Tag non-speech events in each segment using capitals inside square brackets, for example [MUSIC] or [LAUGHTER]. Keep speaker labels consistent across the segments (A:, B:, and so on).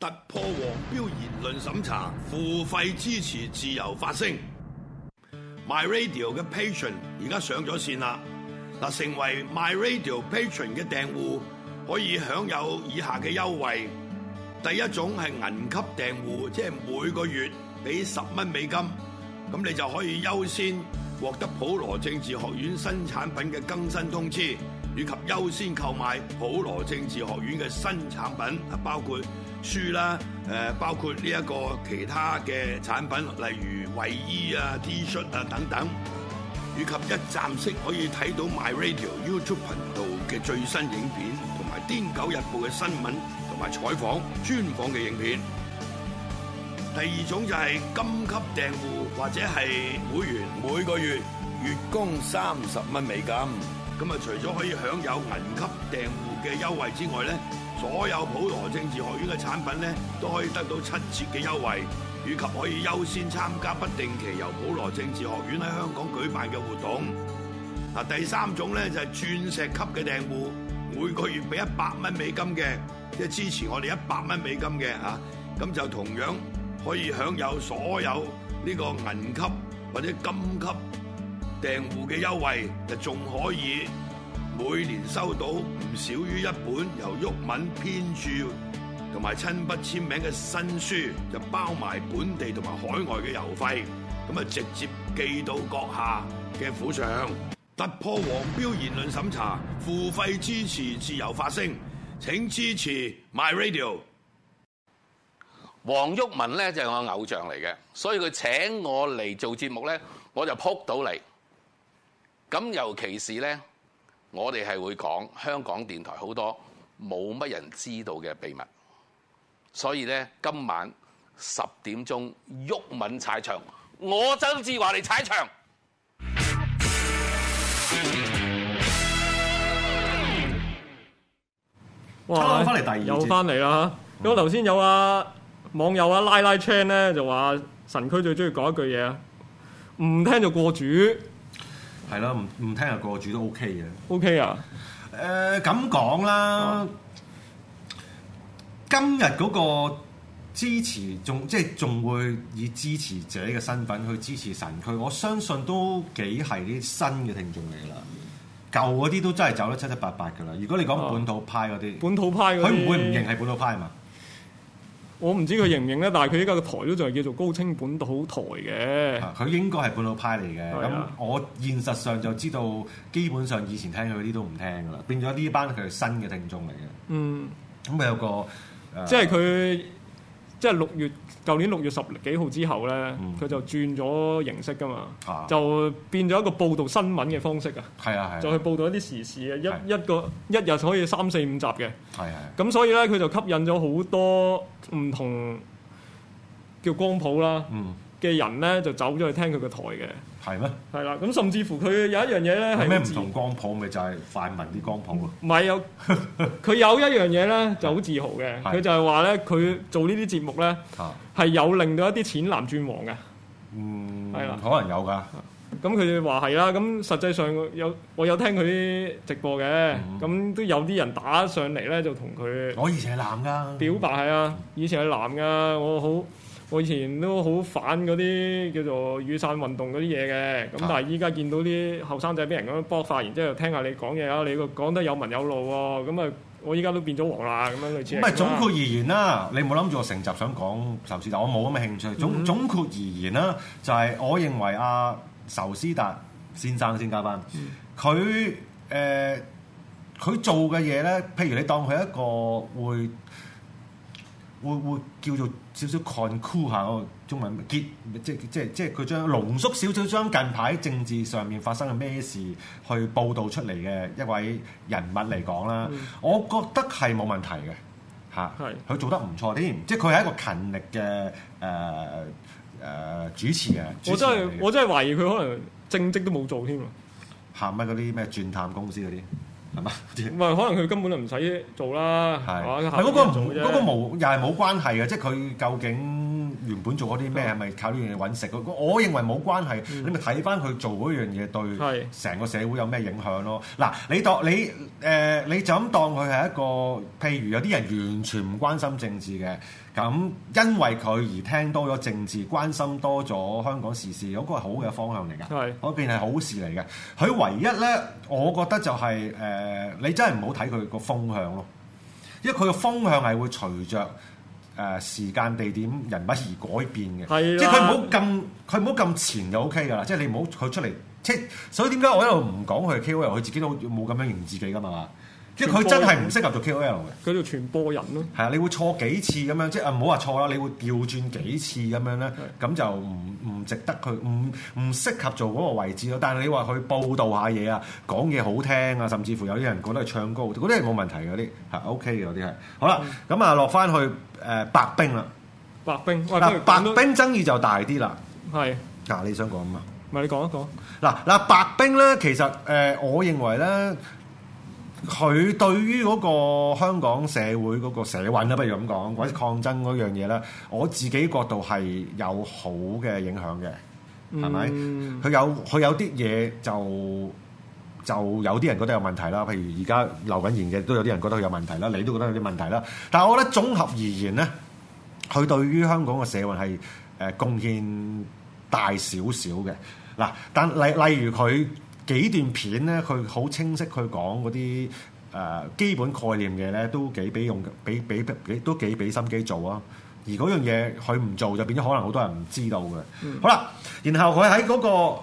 A: 突破黃標言論審查，付費支持自由發聲。My Radio 嘅 Patron 而家上咗線啦，嗱，成為 My Radio Patron 嘅訂戶可以享有以下嘅優惠。第一種係銀級訂戶，即係每個月俾十蚊美金，咁你就可以優先獲得普羅政治學院新產品嘅更新通知，以及優先購買普羅政治學院嘅新產品，啊，包括書啦，誒包括呢一個其他嘅產品，例如衛衣啊、T 恤啊等等，以及一站式可以睇到 My Radio YouTube 頻道嘅最新影片，同埋《癲狗日報》嘅新聞，同埋採訪專訪嘅影片。第二種就係金級訂戶或者係會員，每個月月供三十蚊美金。咁啊，除咗可以享有銀級訂戶，嘅優惠之外咧，所有普羅政治學院嘅產品咧都可以得到七折嘅優惠，以及可以優先參加不定期由普羅政治學院喺香港舉辦嘅活動。嗱，第三種咧就係鑽石級嘅訂戶，每個月俾一百蚊美金嘅，即係支持我哋一百蚊美金嘅啊，咁就同樣可以享有所有呢個銀級或者金級訂戶嘅優惠，就仲可以。每年收到唔少於一本由毓民編著同埋親筆簽名嘅新書，就包埋本地同埋海外嘅郵費，咁啊直接寄到閣下嘅府上。突破黃標言論審查，付費支持自由發聲，請支持 My Radio。黃毓民咧就係、是、我偶像嚟嘅，所以佢請我嚟做節目咧，我就撲到嚟。咁尤其是咧。我哋係會講香港電台好多冇乜人知道嘅秘密，所以咧今晚十點鐘毓民踩場，我周志華嚟踩場。
B: 哇！又翻嚟啦嚇！咁頭先有啊網友啊拉拉 c h a n 咧就話神區最中意講一句嘢啊，唔聽就過主。
C: 係咯，唔唔聽日過主都 OK 嘅。OK 啊？誒咁講啦，嗯、今日嗰個支持仲即係仲會以支持者嘅身份去支持神區，我相信都幾係啲新嘅聽眾嚟㗎啦。舊嗰啲都真係走得七七八八㗎啦。如果你講本土派嗰啲，嗯、不不本土派佢唔會唔認係本土派嘛？我
B: 唔知佢認唔認咧，但係佢依家嘅台都仲係叫做高清本土台嘅。
C: 佢應該係本土派嚟嘅。咁的我現實上就知道，基本上以前聽佢啲都唔聽噶啦，變咗呢班佢係新嘅聽眾嚟嘅。嗯。咁佢有個，呃、即係佢。
B: 即係六月，舊年六月十幾號之後咧，佢、嗯、就轉咗形式噶嘛，啊、就變咗一個報導新聞嘅方式啊，啊就去報導一啲時事嘅、啊、一一個、啊、一日可以三四五集嘅，咁、啊啊、所以咧佢就吸引咗好多唔同叫光譜啦。嗯嘅人咧就走咗去聽佢嘅台嘅，係咩？係啦，咁甚至乎佢有一樣嘢咧，係咩唔同
C: 光譜，咪就係泛民啲光譜啊！唔
B: 係有佢有一樣嘢咧就好自豪嘅，佢就係話咧，佢做呢啲節目咧係有令到一啲淺藍轉黃嘅，
C: 嗯，係啦，可能有噶。
B: 咁佢哋話係啦，咁實際上有我有聽佢啲直播嘅，咁都有啲人打上嚟咧，就同佢我以前係男噶表白係啊，以前係男噶，我好。我以前都好反嗰啲叫做雨傘運動嗰啲嘢嘅，咁但係依家見到啲後生仔俾人咁樣幫發言，之後聽下你講嘢啊，你個講得有文有路喎、哦，咁啊，我依家都變咗黃啦，咁樣類似。唔係總括而
C: 言啦，嗯、你冇好諗住我成集想講仇思達，我冇咁嘅興趣。總、嗯、哼總括而言啦，就係、是、我認為阿仇斯達先生先嘉賓，佢誒佢做嘅嘢咧，譬如你當佢一個會。會會叫做少少 conclude 下個中文結，即即即佢將濃縮少少將近排政治上面發生嘅咩事去報導出嚟嘅一位人物嚟講啦，嗯、我覺得係冇問題嘅嚇，係、啊、佢是做得唔錯添，即佢係一個勤力嘅誒誒主持嘅。持我真、就、係、是、的我真係懷疑佢可能正職都冇做添。行乜嗰啲咩鑽探公司嗰啲。係嘛？唔係 [LAUGHS] 可能佢根本就唔使做啦。係是，係嗰個，那個無嗰個無又係冇關係嘅，即係佢究竟。原本做嗰啲咩係咪靠呢樣嘢搵食？我認為冇關係，嗯、你咪睇翻佢做嗰樣嘢對成個社會有咩影響咯。嗱是，你當你誒你就咁當佢係一個，譬如有啲人完全唔關心政治嘅，咁因為佢而聽多咗政治，關心多咗香港時事，事，嗰個係好嘅方向嚟嘅，嗰是邊係好事嚟嘅。佢唯一呢，我覺得就係、是、誒、呃，你真係唔好睇佢個風向咯，因為佢嘅風向係會隨着。誒時間、地點、人物而改變嘅是的，即係佢唔好咁，佢唔好咁前就 OK 㗎啦。即係你唔好佢出嚟，即係所以點解我一路唔講佢係 KOL，佢自己都冇咁樣認自己㗎嘛？即係佢真係唔適合做 KOL 嘅，佢做傳播人咯。係啊，你會錯幾次咁樣，即係啊唔好話錯啦，你會調轉幾次咁是的 樣咧，咁就唔唔值得佢，唔唔適合做嗰個位置咯。但係你話去報導下嘢啊，講嘢好聽啊，甚至乎有啲人覺得係唱歌好，嗰啲係冇問題嗰啲，係 OK 嘅嗰啲係。好啦，咁、嗯、啊落翻去誒白冰啦，白冰白冰爭議就大啲啦，係嗱是的、啊、你想講乜？咪你講一講嗱嗱白冰咧，其實誒、呃、我認為咧。佢對於嗰個香港社會嗰個社運啦，不如咁講，或者抗爭嗰樣嘢咧，我自己角度係有好嘅影響嘅，係咪、嗯？佢有佢有啲嘢就就有啲人覺得有問題啦。譬如而家劉允賢嘅都有啲人覺得佢有問題啦，你都覺得有啲問題啦。但係我覺得綜合而言咧，佢對於香港嘅社運係誒貢獻大少少嘅。嗱，但例例如佢。幾段片咧，佢好清晰去講嗰啲誒基本概念嘅咧，都幾俾用，俾俾都幾俾心機做啊！而嗰樣嘢佢唔做，就變咗可能好多人唔知道嘅。嗯、好啦，然後佢喺嗰個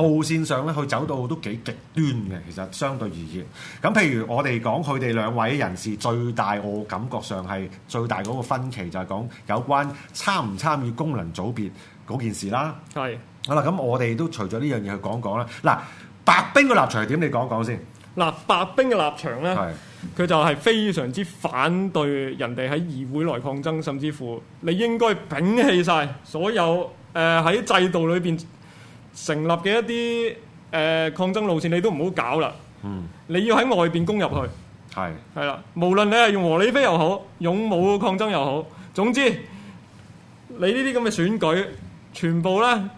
C: 路線上咧，佢走到都幾極端嘅。其實相對而言，咁譬如我哋講佢哋兩位人士最大，我感覺上係最大嗰個分歧就係講有關參唔參與功能組別。嗰件事啦，係的。好啦，咁我哋都除咗呢樣嘢去講講啦。嗱，白冰嘅立場點？你講講先。嗱，白冰嘅立
B: 場咧，佢就係非常之反對人哋喺議會內抗爭，甚至乎你應該摒棄晒所有誒喺、呃、制度裏邊成立嘅一啲誒、呃、抗爭路線，你都唔好搞啦。嗯，你要喺外邊攻入去。
C: 係的，係
B: 啦的。無論你係用和理非又好，勇武抗爭又好，總之你呢啲咁嘅選舉。全部呢，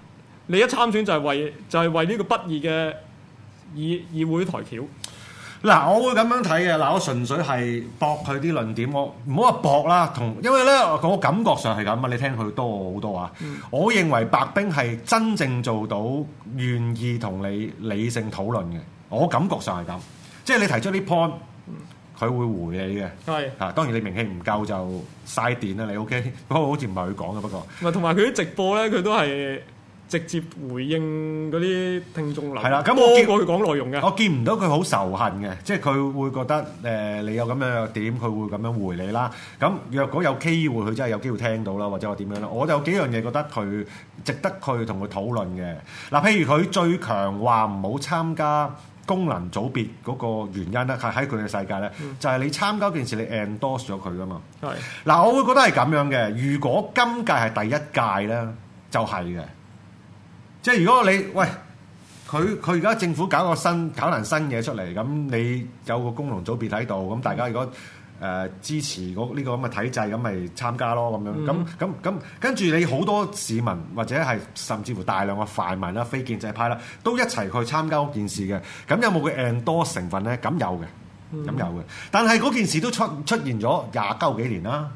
B: 你一參選就係為
C: 就係、是、為呢個不義嘅議議會抬轎。嗱，我會咁樣睇嘅。嗱，我純粹係駁佢啲論點，我唔好話駁啦。同因為呢，我感覺上係咁啊。你聽佢多我好多啊。嗯、我認為白冰係真正做到願意同你理性討論嘅。我感覺上係咁，即係你提出啲 point。嗯佢會回你嘅，嚇是、啊！當然你名氣唔夠就嘥電啦。你 O、OK? K， [LAUGHS] 不過好似唔係佢講嘅，不過。
B: 咪同埋佢啲直播咧，佢都係直接回應嗰啲聽眾嚟、啊。係、嗯、啦，咁我見過
C: 佢講內容嘅，我見唔到佢好仇恨嘅，即係佢會覺得誒、呃、你有咁樣嘅點，佢會咁樣回你啦。咁若果有機會，佢真係有機會聽到啦，或者我點樣咧？我有幾樣嘢覺得佢值得去佢同佢討論嘅。嗱、啊，譬如佢最強話唔好參加。功能組別嗰個原因咧，係喺佢嘅世界咧，就係你參加件事，你 endorse 咗佢噶嘛。係嗱，我會覺得係咁樣嘅。如果今屆係第一屆咧，就係嘅。即係如果你喂，佢佢而家政府搞個新搞嚟新嘢出嚟，咁你有個功能組別喺度，咁大家如果。誒、呃、支持呢個咁嘅體制，咁咪參加咯咁、嗯、樣，咁咁咁跟住你好多市民或者係甚至乎大量嘅泛民啦、非建制派啦，都一齊去參加件事嘅。咁有冇個 endorse 成分咧？咁有嘅，咁有嘅。但係嗰件事都出出現咗廿鳩幾年啦，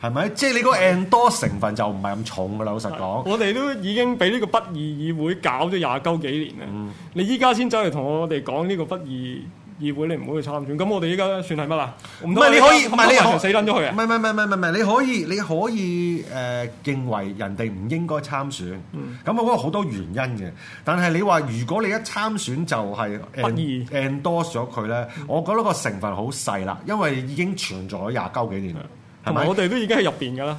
C: 係咪？即係你個 endorse 成分就唔係咁重噶啦。的老實講，我哋都已經俾呢個不義議會
B: 搞咗廿鳩幾年啦。嗯、你依家先走嚟同我哋講呢個不義議會你唔好去參選，咁我哋依家算係乜啊？唔係你可以，唔係你又死撚咗佢？
C: 啊？唔係唔係唔係唔係唔係，你可以你可以誒認為人哋唔應該參選，咁、嗯、我覺得好多原因嘅。但係你話如果你一參選就係誒 endorse 咗佢咧，我覺得個成分好細啦，因為已經存在咗廿九幾年啦，係咪、嗯？我哋都已經喺入邊噶啦。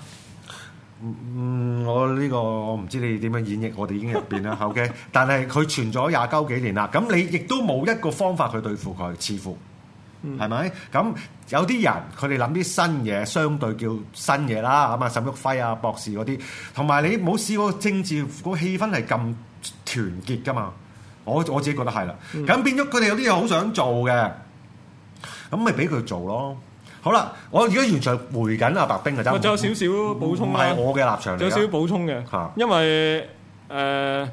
C: 嗯，我呢、這個我唔知你點樣演繹，我哋已經入邊啦。 [LAUGHS] OK，但係佢存咗廿鳩幾年啦，咁你亦都冇一個方法去對付佢，似乎係咪？咁、嗯嗯、有啲人佢哋諗啲新嘢，相對叫新嘢啦。咁、嗯、啊，沈旭輝啊，博士嗰啲，同埋你冇試過政治個氣氛係咁團結㗎嘛？我我自己覺得係啦。咁、嗯、變咗佢哋有啲嘢好想做嘅，咁咪俾佢做咯。好啦，我而家完全回緊阿白冰啊，就仲有少少補充啦。唔係我嘅立場嚟，有少少補充嘅。嚇的，
B: 因為誒、呃，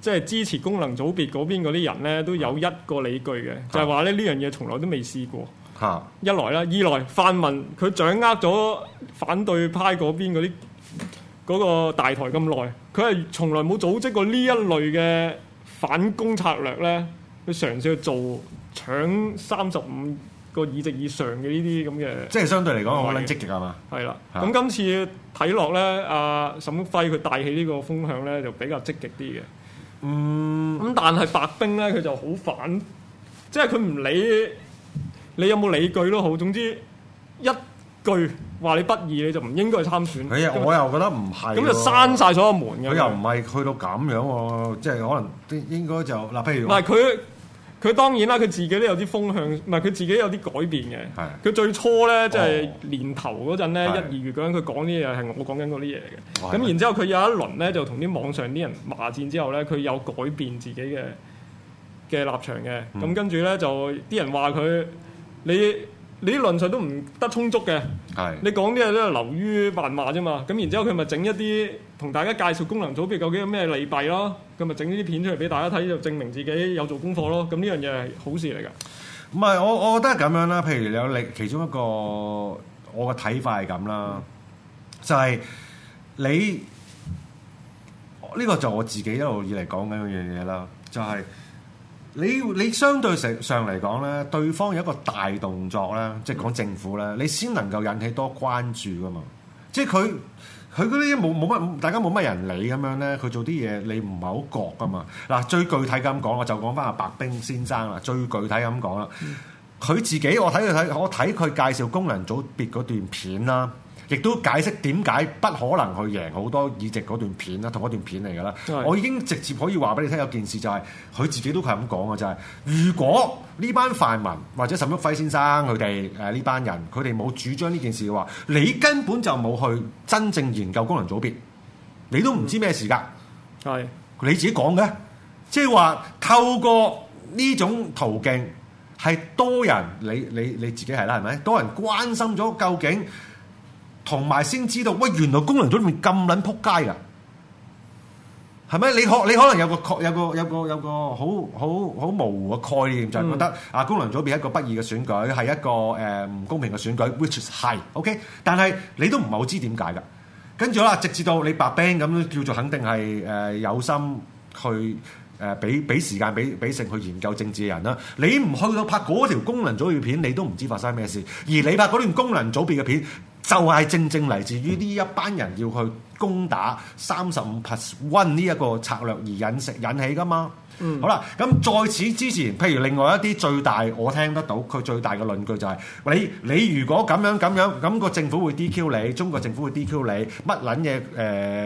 B: 即係支持功能組別嗰邊嗰啲人咧，都有一個理據嘅，的就係話咧呢樣嘢從來都未試過。嚇的，一來啦，二來泛民佢掌握咗反對派嗰邊嗰啲嗰個大台咁耐，佢係從來冇組織過呢一類嘅反攻策略咧，去嘗試去做搶三十五個議席以上嘅呢啲咁嘅，即係相對嚟講好撚積極係嘛？係啦對，咁今次睇落咧，阿、啊、沈輝佢帶起呢個風向咧，就比較積極啲嘅。嗯，咁但係白冰咧，佢就好反，即係佢唔理你有冇理據都好，總之一句話你不義，你就唔應該去參選。係啊，我又
C: 覺得唔係，咁就閂晒所有門嘅。佢又唔係去到咁樣喎、啊，即、就、係、是、可能應應該就嗱，譬、啊、如嗱佢。
B: 佢當然啦，佢自己都有啲風向，唔係佢自己有啲改變嘅。佢的最初咧，即、就、係、是、年頭嗰陣咧，一、哦、二月嗰陣，佢講啲嘢係我講緊嗰啲嘢嘅。咁、哦、然之後，佢有一輪咧，就同啲網上啲人罵戰之後咧，佢有改變自己嘅嘅立場嘅。咁、嗯、跟住咧，就啲人話佢你你論述都唔得充足嘅，的你講啲嘢都係流於謾罵啫嘛。咁然之後，佢咪整一啲。同大家介紹功能組別究竟有咩利弊咯，咁咪整呢啲片出嚟俾大家睇，就證明自己有做功課咯。咁呢樣嘢係好事嚟㗎。唔
C: 係我，我覺得係咁樣啦。譬如你有另其中一個，我嘅睇法係咁啦，嗯、就係你呢、呢個就我自己一路以嚟講緊嗰樣嘢啦。就係、是、你你相對上上嚟講咧，對方有一個大動作咧，即、就、係、是、講政府咧，你先能夠引起多關注㗎嘛。即係佢。佢嗰啲冇冇乜，大家冇乜人理咁樣咧。佢做啲嘢，你唔係好覺㗎嘛。嗱，最具體咁講，我就講翻阿白冰先生啦。最具體咁講啦。嗯佢自己我睇佢睇我睇佢介紹功能組別嗰段片啦，亦都解釋點解不可能去贏好多議席嗰段片啦，同嗰段片嚟噶啦。是的 我已經直接可以話俾你聽，有件事就係、是、佢自己都係咁講嘅，就係、是、如果呢班泛民或者沈旭暉先生佢哋誒呢班人佢哋冇主張呢件事嘅話，你根本就冇去真正研究功能組別，你都唔知咩事㗎。係是的 你自己講嘅，即係話透過呢種途徑。係多人，你你你自己係啦，係咪？多人關心咗究竟，同埋先知道，喂，原來功能組裡面咁撚撲街噶，係咪？你可你可能有個確有個有個有個,有個好好好模糊嘅概念，就係覺得、嗯、啊，功能組別係一個不義嘅選舉，係一個誒唔、呃、公平嘅選舉，which is 係 OK，但係你都唔係好知點解㗎。跟住啦，直至到你白 b a n 咁叫做肯定係誒、呃、有心去。誒俾俾時間畀俾剩去研究政治嘅人啦，你唔去到拍嗰條功能組別片，你都唔知發生咩事。而你拍嗰段功能組別嘅片，就係、是、正正嚟自於呢一班人要去。攻打三十五 plus one 呢一個策略而引食引起噶嘛？嗯，好啦，咁在此之前，譬如另外一啲最大我聽得到佢最大嘅論據就係、是、你你如果咁樣咁樣咁個政府會 DQ 你，中國政府會 DQ 你乜撚嘢？誒，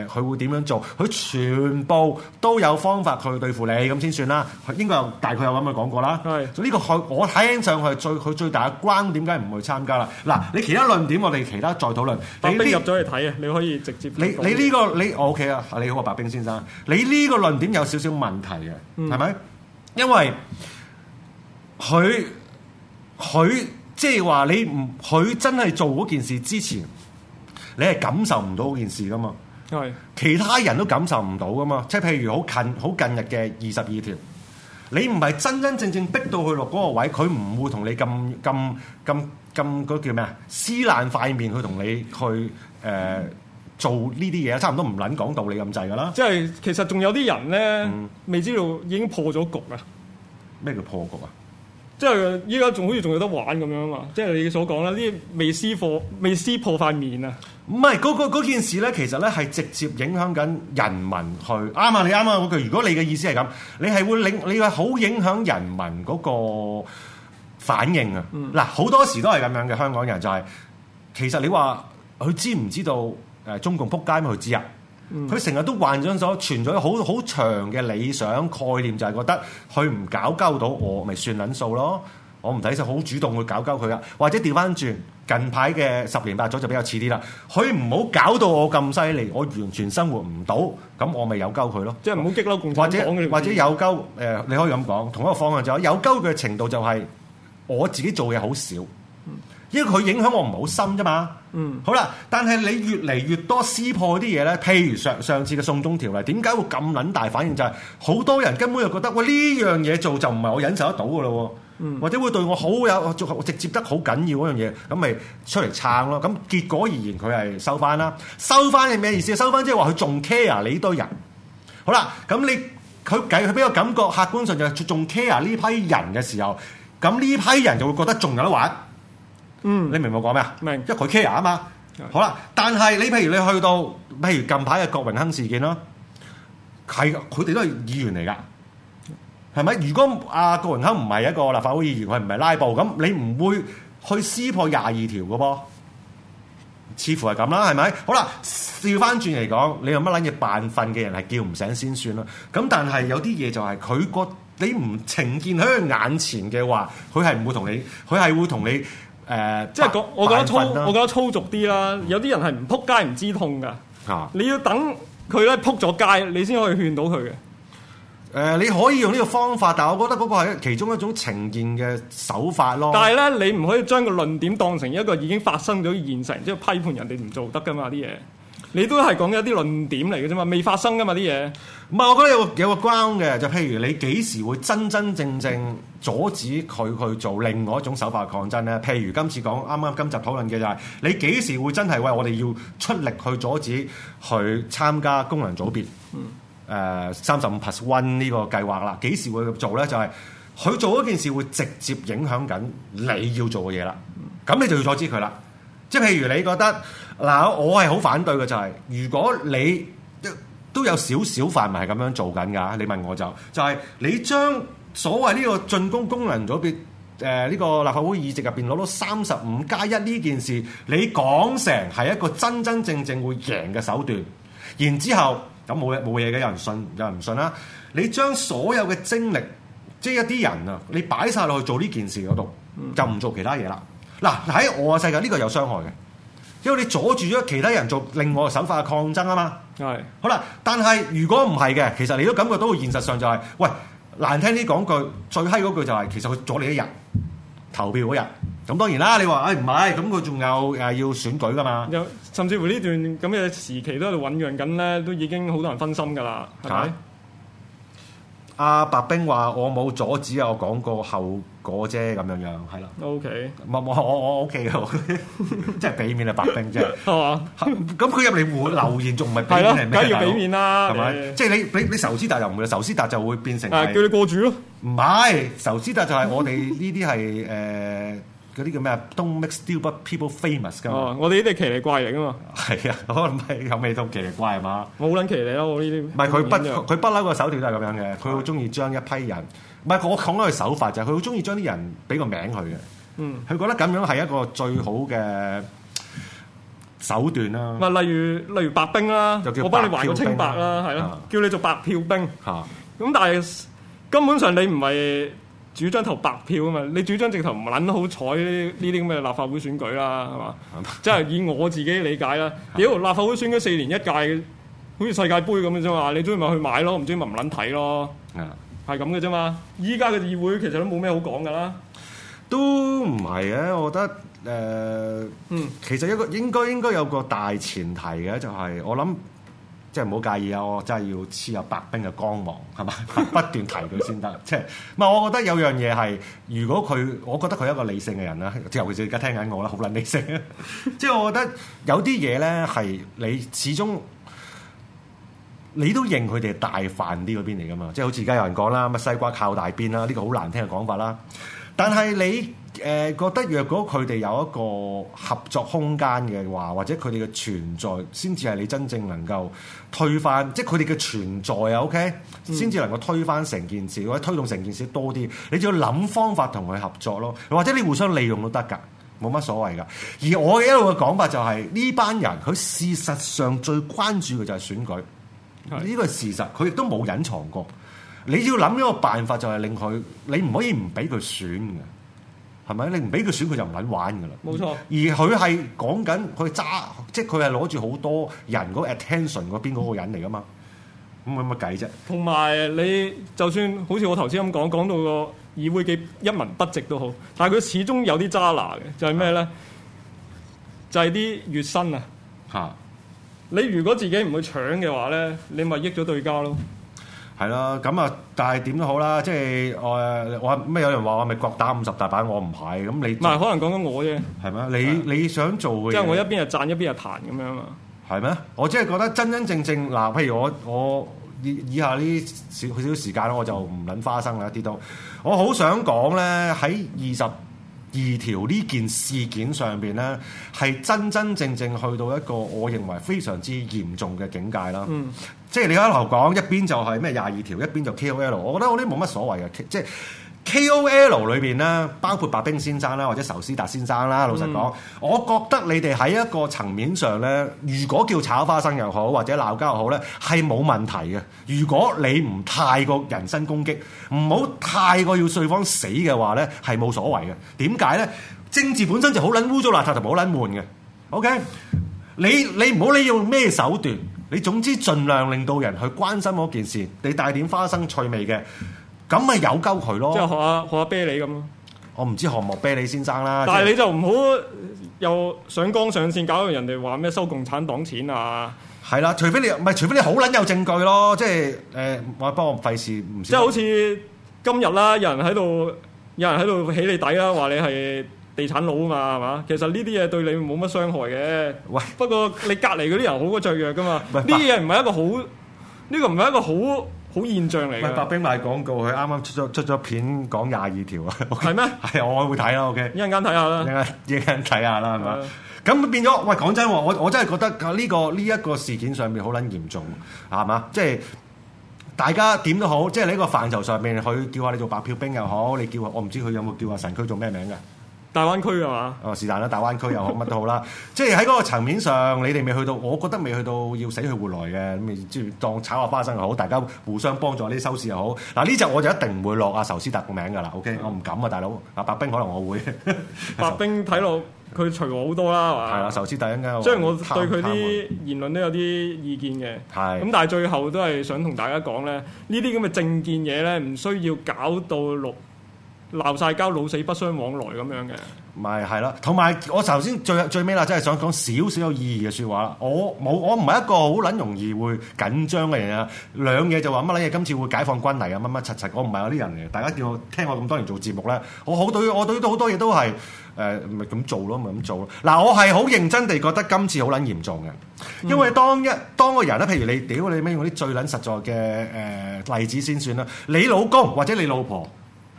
C: 佢、呃、會點樣做？佢全部都有方法去對付你咁先算啦。應該有大概有咁嘅講過啦。係是，呢、呢個我聽上去最佢最大嘅關點，梗係唔去參加啦。嗱，你其他論點我哋其他再討論。你啲入咗去睇啊，你可以直接你。你你呢、個你我 OK 啊！你好啊，白冰先生，你呢個論點有少少問題嘅，係咪？嗯？因為佢佢即係話你唔佢真係做嗰件事之前，你係感受唔到件事噶嘛？係。係其他人都感受唔到噶嘛？即係譬如好近好近日嘅二十二條，你唔係真真正正逼到佢落嗰個位，佢唔會同你咁咁咁咁嗰叫咩啊？撕爛塊面去同你去誒。呃做呢啲嘢，差唔多唔捻講道理咁滯噶啦。即係其實仲有啲人咧，未
B: 知道已經破咗局啊。
C: 咩叫破局啊？
B: 即係依家仲好似仲有得玩
C: 咁樣嘛？即係你所講咧，啲未撕破、未撕破塊面啊。唔係，嗰件事咧，其實咧係直接影響緊人民去啱啊！你啱啊！我句，如果你嘅意思係咁，你係會令你係好影響人民嗰個反應啊。嗱、嗯，好多時都係咁樣嘅香港人、就係，就係其實你話佢知唔知道？誒、啊、中共撲街咩佢知啊？佢成日都幻想所存在好好長嘅理想概念，就係覺得佢唔搞鳩到我，咪算撚數咯。我唔睇曬，好主動去搞鳩佢啦。或者調翻轉，近排嘅十年八載就比較似啲啦。佢唔好搞到我咁犀利，我完全生活唔到，咁我咪有鳩佢咯。即係唔好激嬲共產黨說或者，或者有鳩誒、呃？你可以咁講，同一個方向就係、是、有鳩嘅程度、就是，就係我自己做嘢好少。因為佢影響我唔係、嗯、好深啫嘛，嗯，好啦，但係你越嚟越多撕破啲嘢咧，譬如上上次嘅送中條例，點解會咁撚大反應？就係、是、好多人根本就覺得喂呢樣嘢做就唔係我忍受得到嘅咯，嗯、或者會對我好有我直接得好緊要嗰樣嘢，咁咪出嚟撐咯。咁結果而言，佢係收翻啦，收翻係咩意思？收翻即係話佢仲 care 你呢堆人。好啦，咁你佢計佢俾個感覺，客觀上就係仲 care 呢批人嘅時候，咁呢批人就會覺得仲有得玩。嗯，你明唔明我講咩啊？明，因為佢 care 啊嘛。的好啦，但係你譬如你去到，譬如近排嘅郭榮鏗事件咯，係佢哋都係議員嚟噶，係咪？如果阿、啊、郭榮鏗唔係一個立法會議員，佢唔係拉布咁，你唔會去撕破廿二條嘅噃？似乎係咁啦，係咪？好啦，調翻轉嚟講，你有乜捻嘢扮瞓嘅人係叫唔醒先算啦。咁但係有啲嘢就係佢個你唔呈現喺佢眼前嘅話，佢係唔會同你，佢係會同你。嗯誒，呃、即係講白我覺得粗，分啊、我覺得粗俗啲啦。有啲人係唔撲街唔知痛噶，啊、你要等佢咧撲咗街，你先可以勸到佢嘅。誒，你可以用呢個方法，但係我覺得嗰個係其中一種呈現嘅手法咯。但係咧，
B: 你唔可以將個論點當成一個已經發生咗現實，即係批判人哋唔做得噶嘛啲嘢。
C: 你都係講有啲論點嚟嘅啫嘛，未發生噶嘛啲嘢。唔係，我覺得有個有個 ground 嘅，就譬如你幾時會真真正正阻止佢去做另外一種手法抗爭咧？譬如今次講啱啱今集討論嘅就係、是、你幾時會真係喂我哋要出力去阻止佢去參加功能組別？嗯。誒，三十五 plus one 呢個計劃啦，幾時會做咧？就係、是、佢做嗰件事會直接影響緊你要做嘅嘢啦。咁你就要阻止佢啦。即係譬如你覺得。嗱，我係好反對嘅就係，如果你都有少少範圍係咁樣做緊㗎，你問我就就係你將所謂呢個進攻功能組別誒呢個立法會議席入邊攞到三十五加一呢件事，你講成係一個真真正正會贏嘅手段，然之後咁冇嘢冇嘢嘅，有人信有人唔信啦。你將所有嘅精力即係一啲人啊，你擺晒落去做呢件事嗰度，嗯、就唔做其他嘢啦。嗱喺我嘅世界，呢個有傷害嘅。因為你阻住咗其他人做另外嘅手法嘅抗爭啊嘛，係是。好啦，但係如果唔係嘅，其實你都感覺到現實上就係、是，喂，難聽啲講句，最閪嗰句就係、是，其實佢阻你一日投票嗰日，咁當然啦，你話，唉，唔係，咁佢仲有誒、啊、要選舉噶嘛，甚至乎呢段咁
B: 嘅時期都喺度醖釀緊咧，都已經好多人分心噶啦，係
C: 咪？阿、啊、白冰話：我冇阻止啊，我講過後。果啫咁樣樣，係啦。O K，冇冇我我 O K 嘅，即係俾面就白冰啫。係嘛？咁佢入嚟會留言，仲唔係？係咯，梗係要俾面啦。係咪？即係你你你仇思達就唔會啦，仇思達就會變成。啊，叫你過住咯。唔係，仇思達就係我哋呢啲係誒嗰啲叫咩？Don't make stupid people famous。咁啊，我哋呢啲奇離怪型啊嘛。係啊，我唔係有咩都奇離怪係嘛？冇好撚奇你咯，呢啲。唔係佢不佢不嬲個手段都係咁樣嘅，佢好中意將一批人。唔係我講嗰個手法就係佢好中意將啲人俾個名佢嘅，佢覺得咁樣係一個最好嘅手段啦、啊。咪、嗯、例如
B: 例如白冰啦、啊，叫我幫你還個清白啦、啊，係咯、啊，
C: 啊、叫你做白票兵。咁、啊、但係
B: 根本上你唔係主張投白票啊嘛，你主張直頭唔撚好彩呢啲咁嘅立法會選舉啦，係嘛吧？即係以我自己理解啦，妖立法會選舉四年一屆，好似世界盃咁嘅啫嘛，你中意咪去買咯，唔中意咪唔撚睇咯。是吧. [LAUGHS] 係咁嘅啫嘛，依家嘅議會其實都冇咩好講噶啦。
C: 都唔係啊，我覺得誒，呃、嗯，其實一個應該應該有個大前提嘅，就係、是、我諗，即係唔好介意啊，我真係要黐入白冰嘅光芒係嘛， [LAUGHS] 不斷提佢先得。即係，唔係我覺得有樣嘢係，如果佢，我覺得佢係一個理性嘅人啦，尤其是而家聽緊我啦，好撚理性啊。 [LAUGHS] 即係我覺得有啲嘢咧係你始終。你都認佢哋係大飯啲嗰邊嚟㗎嘛？即係好似而家有人講啦，咪西瓜靠大邊啦？呢、這個好難聽嘅講法啦。但係你誒、呃、覺得，若果佢哋有一個合作空間嘅話，或者佢哋嘅存在先至係你真正能夠推翻，即係佢哋嘅存在啊。OK，先至能夠推翻成件事，或者推動成件事多啲。你就要諗方法同佢合作咯，或者你互相利用都得㗎，冇乜所謂㗎。而我一路嘅講法就係呢班人佢事實上最關注嘅就係選舉。呢個係事實，佢亦都冇隱藏過。你要諗一個辦法，就係令佢，你唔可以唔俾佢選嘅，係咪？你唔俾佢選，佢就唔撚玩嘅啦。冇錯而，而佢係講緊佢揸，即係佢係攞住好多人嗰個 attention 嗰邊嗰個人嚟噶嘛。咁、嗯、有乜計啫？同埋你
B: 就算好似我頭先咁講，講到個議會嘅一文不值都好，但係佢始終有啲揸拿嘅，就係咩咧？啊、就係啲月薪啊！
C: 嚇～你如果自己唔去搶嘅話咧，你咪益咗對家咯。係咯，咁啊，但係點都好啦，即係我我咩有人話我咪各打五十大板，我唔係咁你。唔係可能講緊我啫。係咩？你你想做嘅。即係我一邊又讚一邊又彈咁樣嘛。係咩？我即係覺得真真正正嗱、啊，譬如我我以以下呢少少時間咧，我就唔撚花生啦，一啲都，我好想講咧，喺二十二條呢件事件上邊呢，係真真正正去到一個，我認為非常之嚴重嘅境界啦。嗯，即係你開頭講一邊就係咩廿二條，一邊就 KOL，我覺得我啲冇乜所謂嘅，即係。K O L 裏邊咧，包括白冰先生啦，或者仇思達先生啦。老實講，嗯、我覺得你哋喺一個層面上咧，如果叫炒花生又好，或者鬧交又好咧，係冇問題嘅。如果你唔太過人身攻擊，唔好太過要對方死嘅話咧，係冇所謂嘅。點解咧？政治本身就好捻污糟邋遢，同好捻悶嘅。OK，你你唔好你用咩手段，你總之盡量令到人去關心嗰件事，你帶點花生趣味嘅。咁咪有鳩佢咯即，即係學下學下啤梨咁咯。我唔知何莫啤梨先生啦。但係你就
B: 唔好又上綱上線，搞到人哋話咩收共產黨錢啊？
C: 係啦，除非你唔係，除非你，你好捻有證據咯。即係誒，欸、不我不過費事唔。即係
B: 好似今日啦，有人喺度，有人喺度起你底啦，話你係地產佬啊嘛，係嘛？其實呢啲嘢對你冇乜傷害嘅。喂，不過你隔籬嗰啲人好過
C: 脆弱噶嘛？呢啲嘢唔係一個好，呢個唔係一個好。好現象嚟嘅，白冰賣廣告，佢啱啱出咗出咗片講廿二條啊，係咩？係 [LAUGHS] 我會睇啦，OK。一陣間睇下啦，一陣間睇下啦，係嘛？咁變咗，喂，講真，我我真係覺得呢個呢一個事件上面好撚嚴重，係嘛？即係大家點都好，即係喺個範疇上面，佢叫下你做白票兵又好，你叫我唔知佢有冇叫阿神區做咩名㗎？大灣區㗎嘛？哦，是但啦，大灣區又乜都好啦， [LAUGHS] 即係喺嗰個層面上，你哋未去到，我覺得未去到要死去活來嘅，咁咪即係當炒下花生又好，大家互相幫助呢啲收視又好。嗱呢隻我就一定唔會落阿壽司達個名㗎啦，OK？的我唔敢啊，大佬。阿白冰可能我會，白冰睇落佢隨和好多啦，係嘛？ [LAUGHS] 壽司達應該即係我對佢啲
B: 言論都有啲意見嘅，係的。咁但係最後都係想同大家講咧，呢啲咁嘅政見嘢咧，唔需要搞到六。鬧曬交老死不相往來咁樣嘅，
C: 咪係啦。同埋我頭先最最尾啦，真係想講少少有意義嘅説話啦。我冇，我唔係一個好撚容易會緊張嘅人啊。兩嘢就話乜撚嘢？今次會解放軍嚟啊？乜乜柒柒？我唔係嗰啲人嚟嘅。大家叫我聽我咁多年做節目咧，我好對我對都好多嘢都係誒咪咁做咯，咪咁做咯。嗱，我係好認真地覺得今次好撚嚴重嘅，因為當一當個人咧，譬如你屌你咩用啲最撚實在嘅誒例子先算啦，你老公或者你老婆。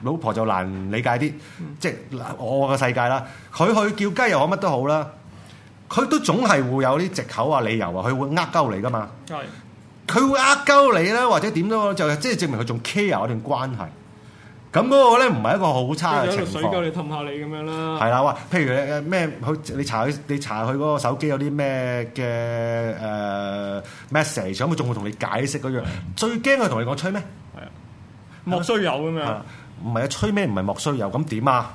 C: 老婆就難理解啲，嗯、即係我個世界啦。佢去叫雞又我乜都好啦，佢都總係會有啲借口啊、理由啊，佢會呃鳩你噶嘛係的，佢會呃鳩你啦，或者點都就即係證明佢仲 care 一段關係。咁嗰個咧唔係一個好差嘅情況。水夠你
B: 氹下你咁樣啦。係啦，話
C: 譬如誒誒咩，佢你查佢你查佢嗰個手機有啲咩嘅誒 message，佢仲會同你解釋嗰樣。的最驚佢同你講吹咩？係啊的，莫須的有咁樣。的唔係啊，吹咩唔係莫須有咁點啊？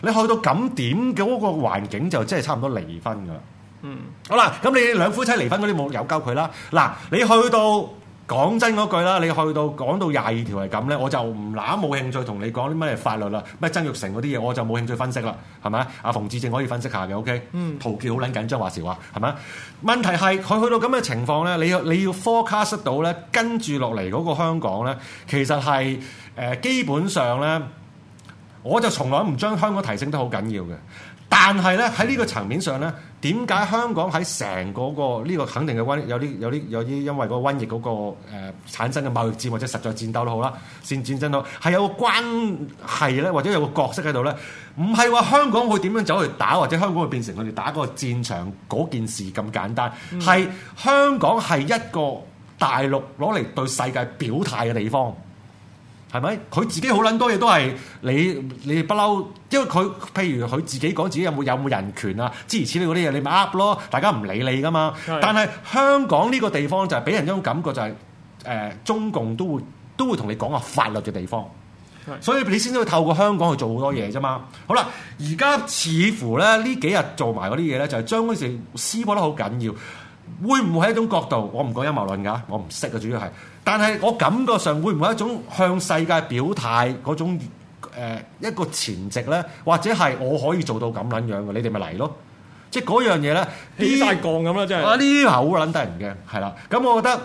C: 你去到咁點嘅嗰個環境就真係差唔多離婚㗎喇。嗯，好啦，咁你兩夫妻離婚嗰啲冇有交佢啦？嗱，你去到。講真嗰句啦，你去到講到廿二條係咁呢，我就唔揦冇興趣同你講啲乜嘢法律啦，乜曾玉成嗰啲嘢，我就冇興趣分析啦，係咪？阿馮志正可以分析下嘅，OK？嗯，陶傑好撚緊張話時話，係咪？問題係佢去到咁嘅情況呢，你要你要 forecast 到呢，跟住落嚟嗰個香港呢，其實係、呃、基本上呢，我就從來唔將香港提升得好緊要嘅。但係咧喺呢個層面上咧，點解香港喺成嗰個呢個,、這個肯定嘅瘟疫有啲有啲有啲因為嗰個瘟疫嗰、那個誒、呃、產生嘅貿易戰或者實在戰鬥都好啦，先戰爭都好係有個關係咧，或者有個角色喺度咧，唔係話香港會點樣走去打或者香港會變成我哋打個戰場嗰件事咁簡單，係、嗯、香港係一個大陸攞嚟對世界表態嘅地方。係咪佢自己好撚多嘢都係你你不嬲，因為佢譬如佢自己講自己有冇有冇人權啊，諸如此類嗰啲嘢，你咪噏咯，大家唔理你噶嘛。是的 但係香港呢個地方就係、是、俾人一種感覺、就是，就係誒中共都會都會同你講下法律嘅地方，是的 所以你先至會透過香港去做多、嗯、好多嘢啫嘛。好啦，而家似乎咧呢幾日做埋嗰啲嘢咧，就係將嗰時撕破得好緊要，會唔會係一種角度？我唔講陰謀論噶，我唔識啊，主要係。但係我感覺上會唔會一種向世界表態嗰種、呃、一個前夕咧，或者係我可以做到咁撚樣嘅，你哋咪嚟咯，即係嗰樣嘢咧，幾大槓咁啦，即係這是啊呢口撚得人嘅，係啦，咁我覺得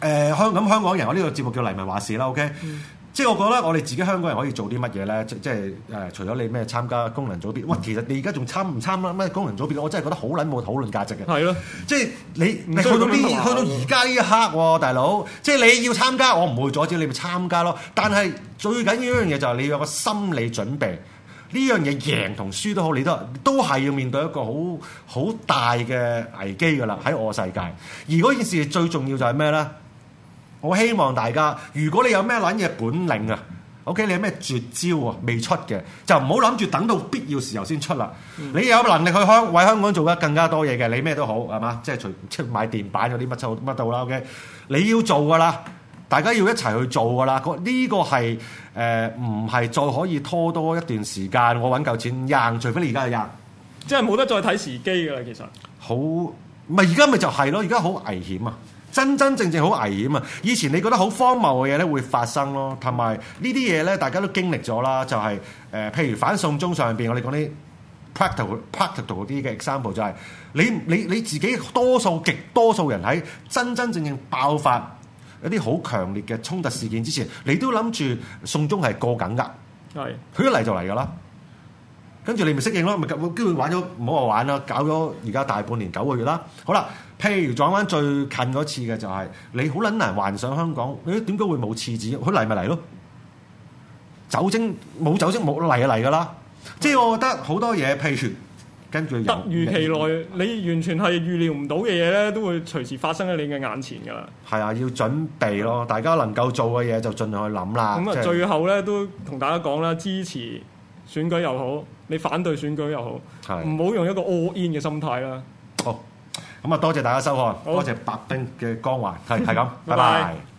C: 誒香咁香港人，我呢個節目叫黎民話事啦，OK、嗯。即係我覺得我哋自己香港人可以做啲乜嘢咧？即係誒，除咗你咩參加功能組別，哇！嗯、其實你而家仲參唔參加咩功能組別？我真係覺得好撚冇討論價值嘅。係咯， [MUSIC] 即係你，你去到呢， [MUSIC] 去到而家呢一刻、啊、大佬，即係你要參加，我唔會阻止你咪參加咯。但係最緊要，要一樣嘢就係你有個心理準備，呢樣嘢贏同輸都好，你都都係要面對一個好好大嘅危機㗎啦。喺我世界，而嗰件事最重要就係咩咧？我希望大家，如果你有咩撚嘢本領啊，OK，、嗯、你有咩絕招啊，未出嘅，就唔好諗住等到必要時候先出啦。嗯、你有能力去香為香港做得更加多嘢嘅，你咩都好，係嘛？即係除即係買電板嗰啲乜抽乜到啦，OK。你要做噶啦，大家要一齊去做噶啦。呢、呢個係誒唔係再可以拖多一段時間，我揾夠錢贏，除非你而家係贏，
B: 即係冇得再睇時機㗎啦。其實
C: 好，咪而家咪就係咯，而家好危險啊！真真正正好危險啊！以前你覺得好荒謬嘅嘢咧，會發生咯，同埋呢啲嘢咧，大家都經歷咗啦，就係、是、誒、呃，譬如反送中上邊我哋講啲 practical practical 啲嘅 example，就係、是、你你你自己多數極多數人喺真真正正爆發一啲好強烈嘅衝突事件之前，你都諗住送中係過緊㗎，係佢、嗯、一嚟就嚟㗎啦，跟住你咪適應咯，咪咁機會玩咗唔好話玩啦，搞咗而家大半年九個月啦，好啦。譬如講翻最近嗰次嘅就係、是、你好撚難幻想香港，誒點解會冇廁紙？佢嚟咪嚟咯，酒精冇酒精冇嚟咪嚟噶啦！即係我覺得好多嘢譬如，跟住突如其
B: 來，你完全係預料唔到嘅嘢咧，都會隨時發生喺你嘅眼前噶啦。
C: 係啊，要準備咯，大家能夠做嘅嘢就盡量去諗啦。咁啊、嗯，就是、最
B: 後咧都同大家講啦，支持選舉又好，你反對選舉又好，唔好的用一個 all in 嘅心態啦。
C: 咁啊，多謝大家收看，好多謝
A: 白冰嘅光環，係係咁， [LAUGHS] 拜拜。 [LAUGHS]